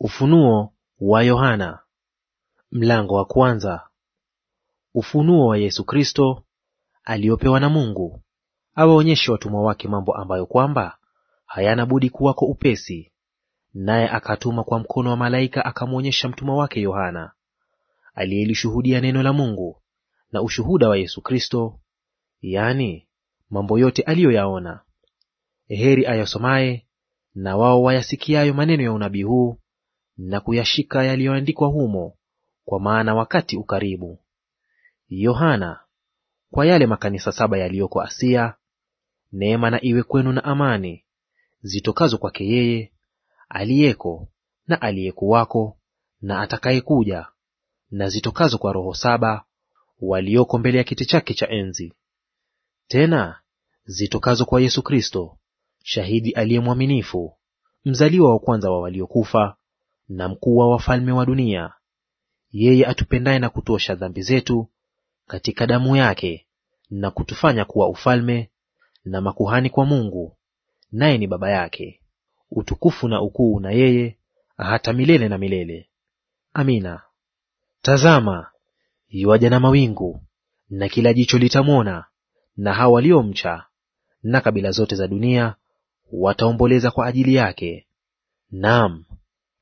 Ufunuo wa Yohana mlango wa kwanza. Ufunuo wa Yesu Kristo aliopewa na Mungu awaonyeshe watumwa wake mambo ambayo kwamba hayana budi kuwako upesi. Naye akatuma kwa mkono wa malaika akamwonyesha mtumwa wake Yohana aliyelishuhudia neno la Mungu na ushuhuda wa Yesu Kristo, yaani mambo yote aliyoyaona. Heri ayasomaye na wao wayasikiayo maneno ya unabii huu na kuyashika yaliyoandikwa humo, kwa maana wakati ukaribu. Yohana, kwa yale makanisa saba yaliyoko Asia, neema na iwe kwenu na amani zitokazo kwake yeye aliyeko na aliyekuwako na atakayekuja, na zitokazo kwa roho saba walioko mbele ya kiti chake cha enzi; tena zitokazo kwa Yesu Kristo, shahidi aliye mwaminifu, mzaliwa wa kwanza wa waliokufa, na mkuu wa wafalme wa dunia, yeye atupendaye na kutuosha dhambi zetu katika damu yake, na kutufanya kuwa ufalme na makuhani kwa Mungu, naye ni Baba yake. Utukufu na ukuu na yeye hata milele na milele. Amina. Tazama, yuaja na mawingu, na kila jicho litamwona, na hao waliomcha, na kabila zote za dunia wataomboleza kwa ajili yake. Naam,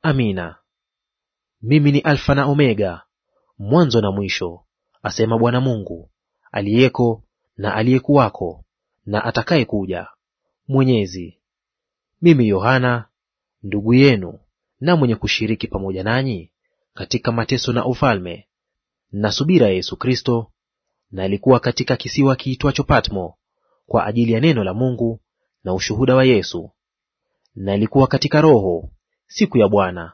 Amina. Mimi ni Alfa na Omega, mwanzo na mwisho, asema Bwana Mungu, aliyeko na aliyekuwako na atakaye kuja Mwenyezi. Mimi Yohana, ndugu yenu na mwenye kushiriki pamoja nanyi katika mateso na ufalme na subira ya Yesu Kristo, nalikuwa katika kisiwa kiitwacho Patmo kwa ajili ya neno la Mungu na ushuhuda wa Yesu. Nalikuwa katika Roho siku ya Bwana.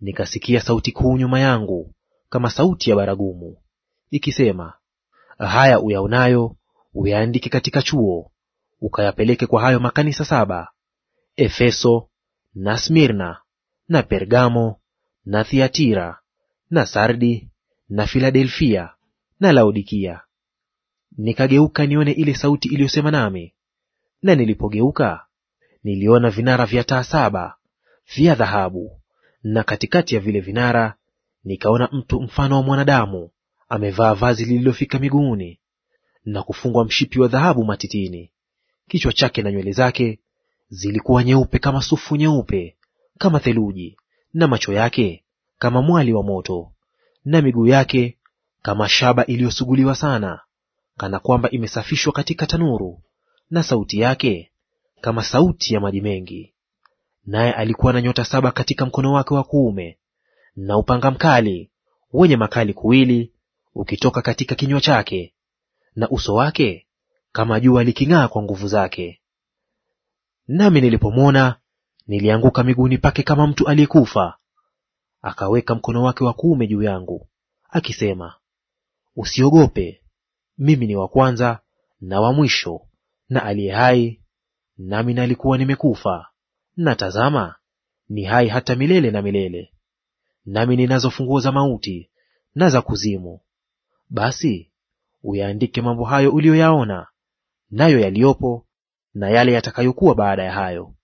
Nikasikia sauti kuu nyuma yangu kama sauti ya baragumu ikisema, haya uyaonayo uyaandike katika chuo, ukayapeleke kwa hayo makanisa saba: Efeso na Smirna na Pergamo na Thiatira na Sardi na Filadelfia na Laodikia. Nikageuka nione ile sauti iliyosema nami, na nilipogeuka niliona vinara vya taa saba vya dhahabu, na katikati ya vile vinara nikaona mtu mfano wa mwanadamu amevaa vazi lililofika miguuni na kufungwa mshipi wa dhahabu matitini. Kichwa chake na nywele zake zilikuwa nyeupe kama sufu nyeupe kama theluji, na macho yake kama mwali wa moto, na miguu yake kama shaba iliyosuguliwa sana, kana kwamba imesafishwa katika tanuru, na sauti yake kama sauti ya maji mengi naye alikuwa na nyota saba katika mkono wake wa kuume, na upanga mkali wenye makali kuwili ukitoka katika kinywa chake, na uso wake kama jua liking'aa kwa nguvu zake. Nami nilipomwona nilianguka miguuni pake kama mtu aliyekufa. Akaweka mkono wake wa kuume juu yangu akisema, Usiogope, mimi ni wa kwanza na wa mwisho na aliye hai, nami nalikuwa nimekufa, na tazama, ni hai hata milele na milele, nami ninazo funguo za mauti na za kuzimu. Basi uyaandike mambo hayo uliyoyaona, nayo yaliyopo, na yale yatakayokuwa baada ya hayo.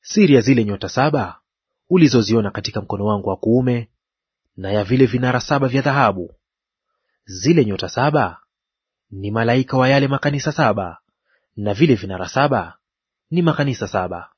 Siri ya zile nyota saba ulizoziona katika mkono wangu wa kuume, na ya vile vinara saba vya dhahabu. Zile nyota saba ni malaika wa yale makanisa saba, na vile vinara saba ni makanisa saba.